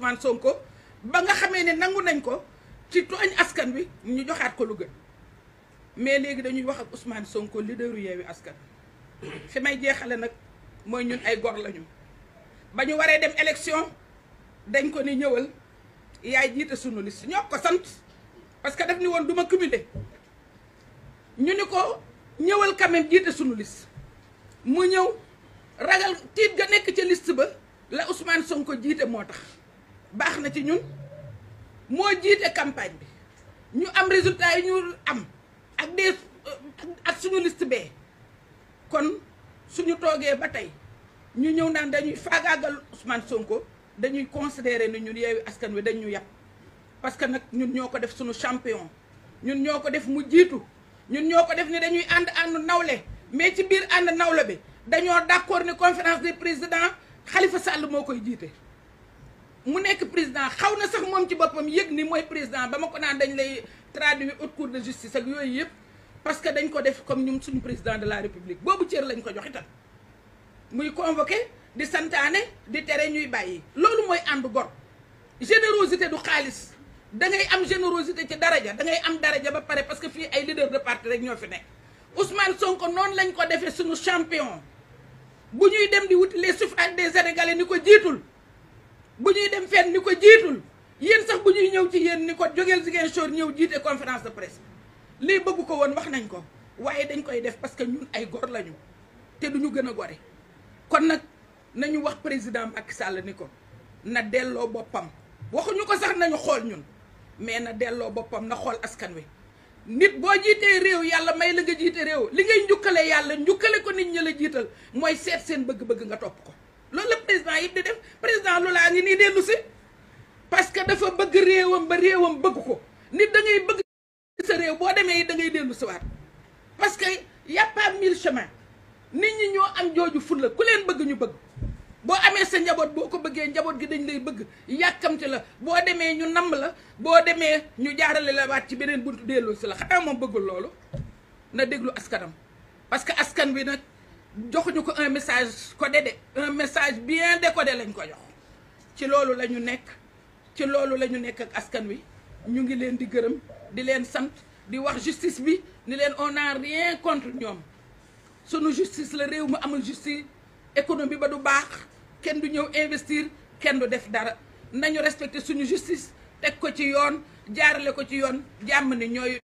Ousmane Sonko ba nga xamé né nangou nañ ko ci tooñ askan bi ñu joxat ko lu gën mais légui dañuy wax ak Ousmane Sonko leaderu yewi askan fi may jéxalé nak moy ñun ay gor lañu bañu waré dem élection dañ ko ni ñëwël yaay jité suñu liste ñoo ko sant parce que daf ni won duma cumulé ñu ni ko ñëwël quand même jité suñu liste mu ñëw ragal tiit ga nek ci liste ba la Ousmane Sonko jité motax Bah, na ci ñun mo campagne bi ñu am résultat ñu am ak des euh, ak suñu liste bee kon suñu nous ba des ñu ñëw naan dañuy faagaagal Ousmane Sonko dañuy considérer ñun askan wi parce que nous ñun ñoo ko def suñu champion ñun ñoo ko def mu jitu ñun nous ko def ni dañuy mais ci biir and bi d'accord ni conférence des présidents Khalifa Sall mo koy mu le président je sax pas ci président. Je ni président dañ lay de justice parce que dañ ko comme suis président de la république suis le lañ ko jox République. muy convoqué di président de la ñuy Je suis le générosité du Khalis, da am générosité ci daraja je suis am daraja de parce que suis le leader de la rek Ousmane Sonko non lañ ko champion bu ñuy dem di des sénégalais ni bu ñuy dem fenn ni ko jiitul yéen sax bu ñuy ñëw ci yéen ni ko jógeel Ziguinchor ñëw jiite conférence de presse lii bëgg ko woon wax nañ ko waaye dañ koy def parce que ñun ay gor lañu te du ñu gën a gore kon nag nañu wax président Macky Sall ni ko na delloo boppam waxuñu ko sax nañu xool ñun mais na delloo boppam na xool askan wi nit boo jiitee réew yàlla may la nga jiite réew li ngay njukkale yàlla njukkale ko nit ñi la jiital mooy seet seen bëgg-bëgg nga topp ko loolu la président yëpp di def président Lula ngi nii dellu si parce que dafa bëgg réewam ba réewam bëgg ko nit da ngay bëgg sa réew boo demee da ngay dellu waat parce que y a pas mille chemin nit ñi ñoo am jooju fulla ku leen bëgg ñu bëgg boo amee sa njaboot boo ko bëggee njaboot gi dañ lay bëgg yàkkamti la boo demee ñu namm la boo demee ñu jaarale la waat ci beneen buntu delloo si la xanaa moom bëggul loolu na déglu askanam parce que askan wi nag joxuñu ko un message codé de un message bien décodé lañ ko jox ci loolu la ñu nekk ci loolu la ñu nekk ak askan wi ñu ngi leen di gërëm di leen sant di wax justice bi ni leen on n'a rien contre ñoom sunu justice la réew mu amul justice économie ba du baax kenn du ñëw investir kenn du def dara nañu respecter suñu justice teg ko ci yoon jaarale ko ci yoon jàmm ni ñooy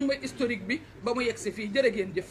mooy historique bi ba mu yegg si fii jërë ngeen jëf